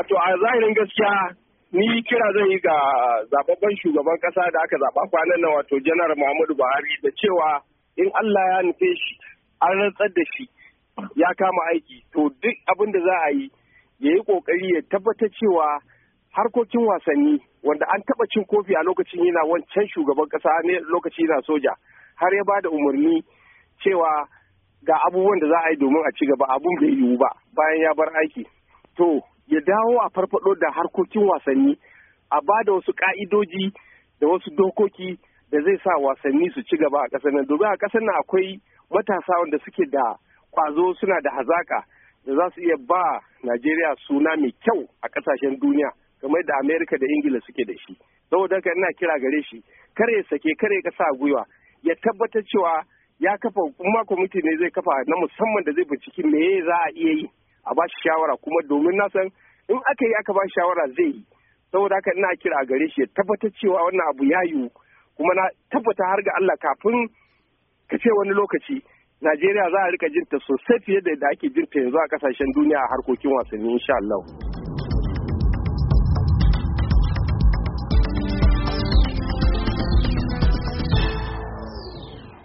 Wato a zahirin gaskiya ni kira zai yi ga zababban shugaban kasa da aka zaba kwanan nan wato janar Muhammadu Buhari da cewa in Allah ya nufe shi an rantsar da shi ya kama aiki to duk abin da za a yi ya yi kokari ya tabbatar cewa harkokin wasanni wanda an taba cin kofi a lokacin yana wancan shugaban kasa ne lokaci yana soja har ya ba da umarni cewa ga abubuwan da za a yi domin a ci gaba abun bai yiwu ba bayan ya bar aiki to ya dawo a farfado da harkokin wasanni a ba da wasu ka'idoji da wasu dokoki da zai sa wasanni su ci gaba a ƙasar nan domin a ƙasar nan akwai matasa wanda suke da kwazo suna da hazaka da za su iya ba Najeriya suna mai kyau a ƙasashen duniya kamar da Amerika da Ingila suke da shi saboda haka ina kira gare shi kare sake kare kasa gwiwa ya tabbatar cewa ya kafa kuma kwamiti ne zai kafa na musamman da zai binciki me za a iya yi a ba shi shawara kuma domin na san in aka yi aka ba shi shawara zai yi saboda haka ina kira a gare shi ya tabbatar cewa wannan abu ya yiwu kuma na tabbata har ga Allah kafin ka ce wani lokaci Najeriya za a rika jinta sosai fiye da yadda ake jinta yanzu a kasashen duniya a harkokin wasanni insha Allah.